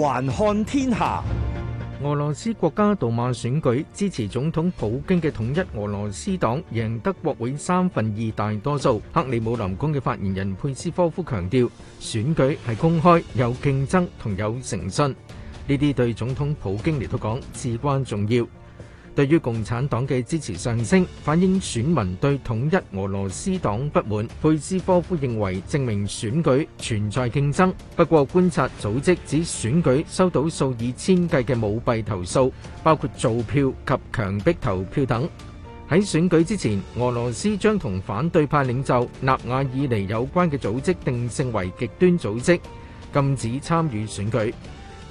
環看天下，俄羅斯國家杜馬選舉支持總統普京嘅統一俄羅斯黨贏得國會三分二大多數。克里姆林宮嘅發言人佩斯科夫強調，選舉係公開、有競爭同有誠信，呢啲對總統普京嚟到講至關重要。對於共產黨嘅支持上升，反映選民對統一俄羅斯黨不滿。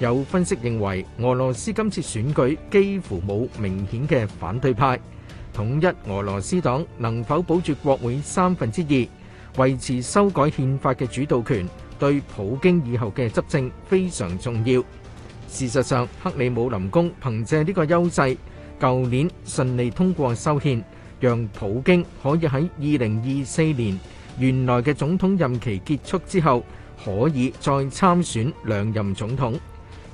有分析認為，俄羅斯今次選舉幾乎冇明顯嘅反對派。統一俄羅斯黨能否保住國會三分之二，維持修改憲法嘅主導權，對普京以後嘅執政非常重要。事實上，克里姆林宮憑藉呢個優勢，舊年順利通過修憲，讓普京可以喺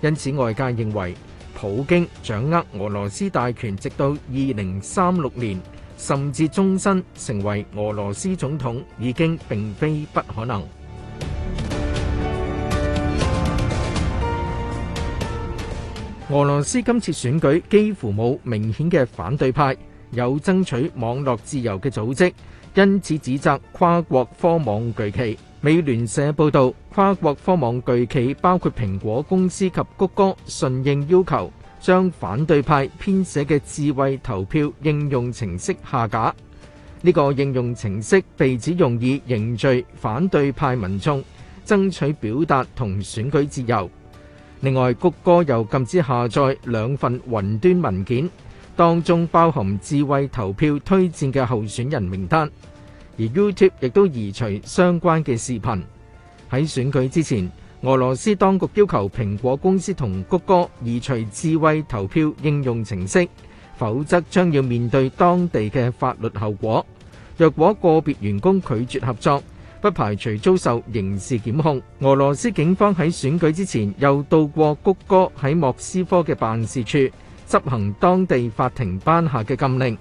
因此，外界認為普京掌握俄羅斯大權，直到二零三六年甚至終身成為俄羅斯總統，已經並非不可能。俄羅斯今次選舉幾乎冇明顯嘅反對派，有爭取網絡自由嘅組織，因此指責跨國科網巨企。美聯社報道，跨國科網巨企包括蘋果公司及谷歌，順應要求，將反對派編寫嘅智慧投票應用程式下架。呢、這個應用程式被指用以凝聚反對派民眾，爭取表達同選舉自由。另外，谷歌又禁止下載兩份雲端文件，當中包含智慧投票推薦嘅候選人名單。而 YouTube 亦都移除相關嘅視頻。喺選舉之前，俄羅斯當局要求蘋果公司同谷歌移除智慧投票應用程式，否則將要面對當地嘅法律後果。若果個別員工拒絕合作，不排除遭受刑事檢控。俄羅斯警方喺選舉之前又到過谷歌喺莫斯科嘅辦事處，執行當地法庭頒下嘅禁令。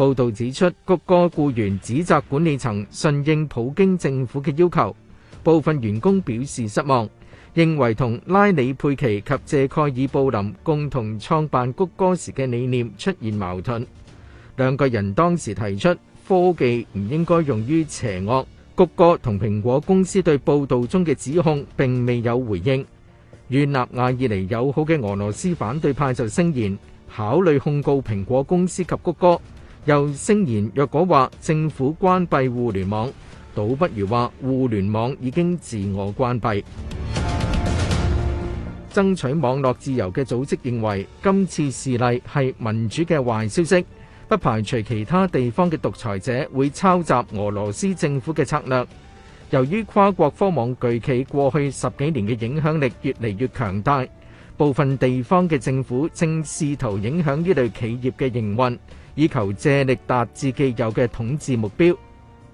報道指出，谷歌僱員指責管理層順應普京政府嘅要求，部分員工表示失望，認為同拉里·佩奇及謝蓋爾布林共同創辦谷歌時嘅理念出現矛盾。兩個人當時提出科技唔應該用於邪惡。谷歌同蘋果公司對報道中嘅指控並未有回應。與納瓦爾尼友好嘅俄羅斯反對派就聲言考慮控告蘋果公司及谷歌。又聲言，若果話政府關閉互聯網，倒不如話互聯網已經自我關閉。爭取網絡自由嘅組織認為，今次事例係民主嘅壞消息，不排除其他地方嘅獨裁者會抄襲俄羅斯政府嘅策略。由於跨國科網巨企過去十幾年嘅影響力越嚟越強大，部分地方嘅政府正試圖影響呢類企業嘅營運，以求借力達至既有嘅統治目標。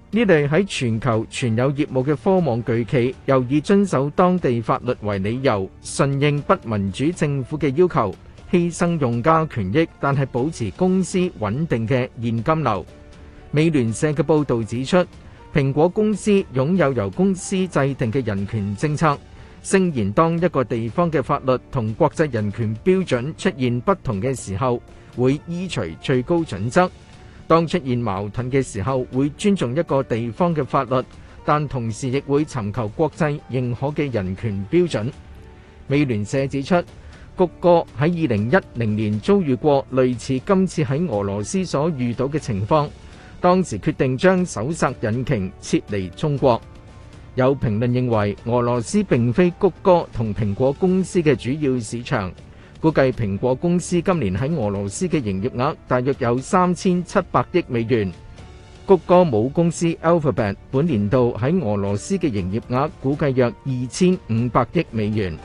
呢啲喺全球全有業務嘅科網巨企，又以遵守當地法律為理由，順應不民主政府嘅要求，犧牲用家權益，但係保持公司穩定嘅現金流。美聯社嘅報導指出，蘋果公司擁有由公司制定嘅人權政策，聲言當一個地方嘅法律同國際人權標準出現不同嘅時候。會依隨最高準則，當出現矛盾嘅時候，會尊重一個地方嘅法律，但同時亦會尋求國際認可嘅人權標準。美聯社指出，谷歌喺二零一零年遭遇過類似今次喺俄羅斯所遇到嘅情況，當時決定將搜索引擎撤離中國。有評論認為，俄羅斯並非谷歌同蘋果公司嘅主要市場。估計蘋果公司今年喺俄羅斯嘅營業額大約有三千七百億美元，谷歌母公司 Alphabet 本年度喺俄羅斯嘅營業額估計約二千五百億美元。